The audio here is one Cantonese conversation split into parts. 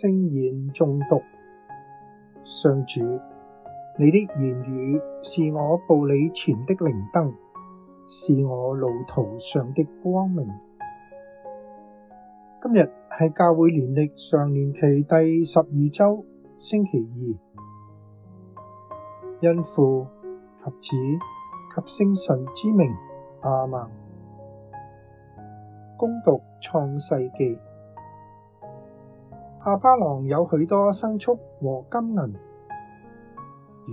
聖言誦讀，上主，你的言語是我步履前的靈燈，是我路途上的光明。今日係教會年曆常年期第十二周星期二，因父及子及聖神之名，阿門。恭讀創世紀。亞巴郎有許多牲畜和金銀，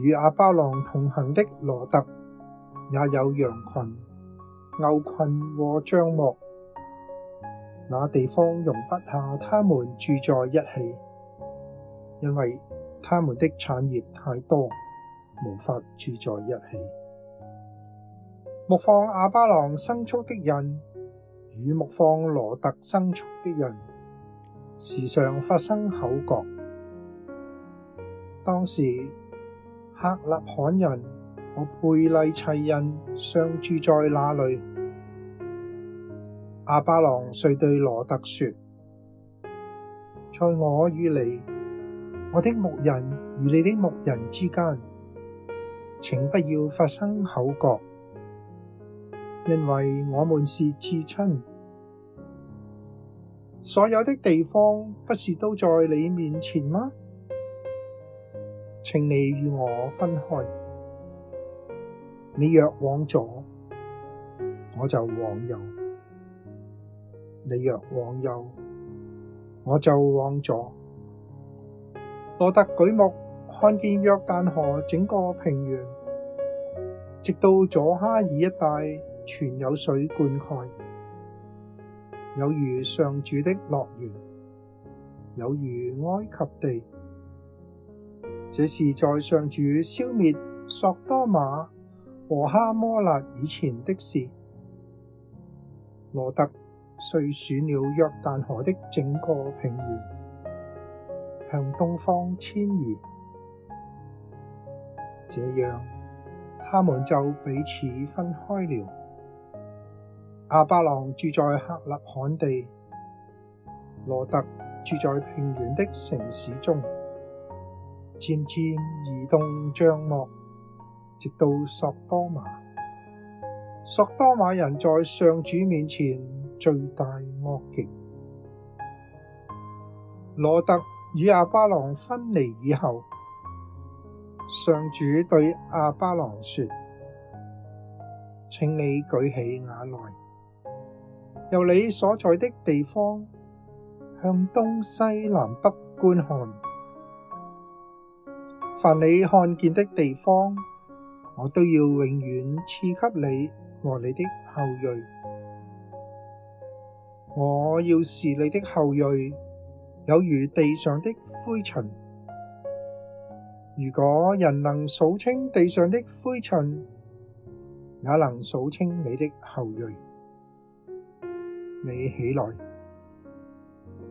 與亞巴郎同行的羅特也有羊群、牛群和帳幕。那地方容不下他們住在一起，因為他們的產業太多，無法住在一起。牧放亞巴郎牲畜的人，與牧放羅特牲畜的人，時常發生口角。當時，客納罕人和培黎齊人尚住在那裏。亞巴郎遂對羅特說：在我與你，我的牧人與你的牧人之間，請不要發生口角，因為我們是至親。所有的地方不是都在你面前嗎？請你與我分開。你若往左，我就往右；你若往右，我就往左。羅特舉目看見約旦河整個平原，直到左哈爾一帶全有水灌溉。有如上主的樂園，有如埃及地，這是在上主消滅索多瑪和哈摩辣以前的事。羅特遂選了約旦河的整個平原，向東方遷移，這樣他們就彼此分開了。亞巴郎住在客納罕地，羅特住在平原的城市中，漸漸移動帳幕，直到索多瑪。索多瑪人在上主面前罪大惡極。羅特與亞巴郎分離以後，上主對亞巴郎說：請你舉起眼來。由你所在的地方，向東西南北觀看，凡你看見的地方，我都要永遠賜給你和你的後裔。我要使你的後裔，有如地上的灰塵。如果人能數清地上的灰塵，也能數清你的後裔。你起來，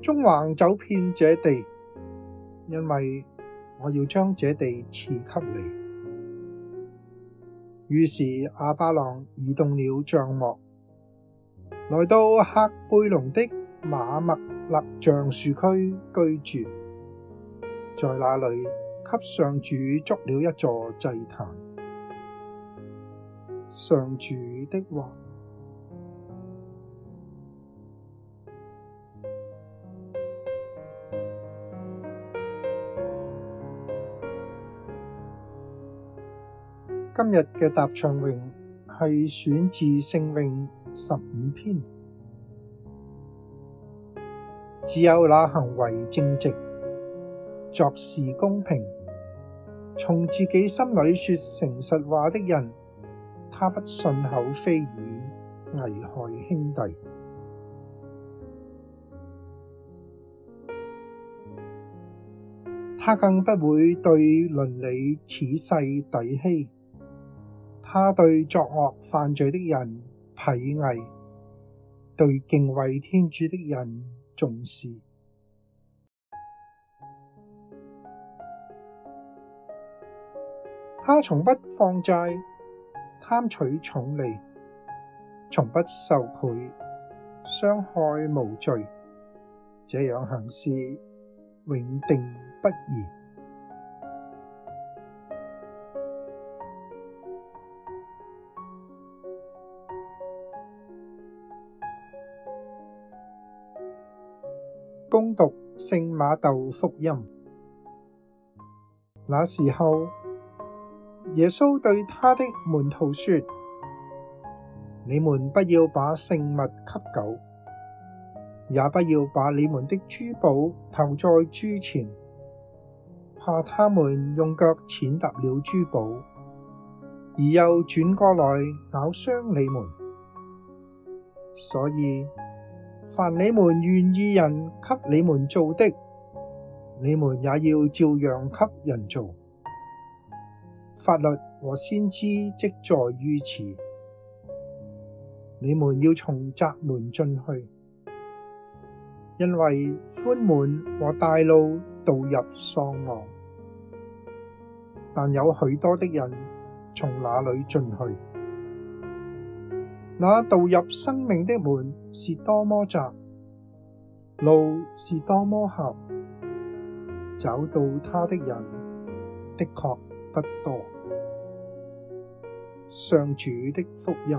縱橫走遍這地，因為我要將這地賜給你。於是亞巴郎移動了帳幕，來到赫貝龍的瑪默勒橡樹區居住，在那裏給上主築了一座祭壇。上主的話。今日嘅答唱詠係選自聖詠十五篇，只有那行為正直、作事公平、從自己心裏說誠實話的人，他不信口非議、危害兄弟，他更不會對鄰里恃勢詆欺。他對作惡犯罪的人睥睨，對敬畏天主的人重視。他從不放債、貪取重利，從不受賄、傷害無罪，這樣行事永定不移。恭讀聖馬竇福音。那時候，耶穌對他的門徒說：你們不要把聖物給狗，也不要把你們的珠寶投在豬前，怕牠們用腳踐踏了珠寶，而又轉過來咬傷你們。所以，凡你們願意人給你們做的，你們也要照樣給人做。法律和先知即在於此。你們要從窄門進去，因為寬門和大路導入喪亡，但有許多的人從那裡進去。那導入生命的門是多麼窄，路是多麼狹！找到它的人的確不多。上主的福音。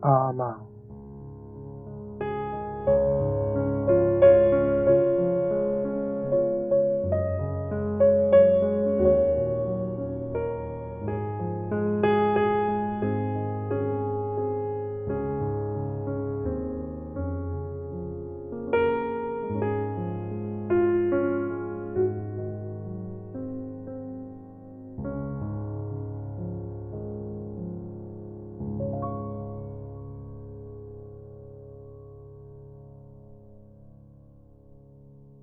亞孟。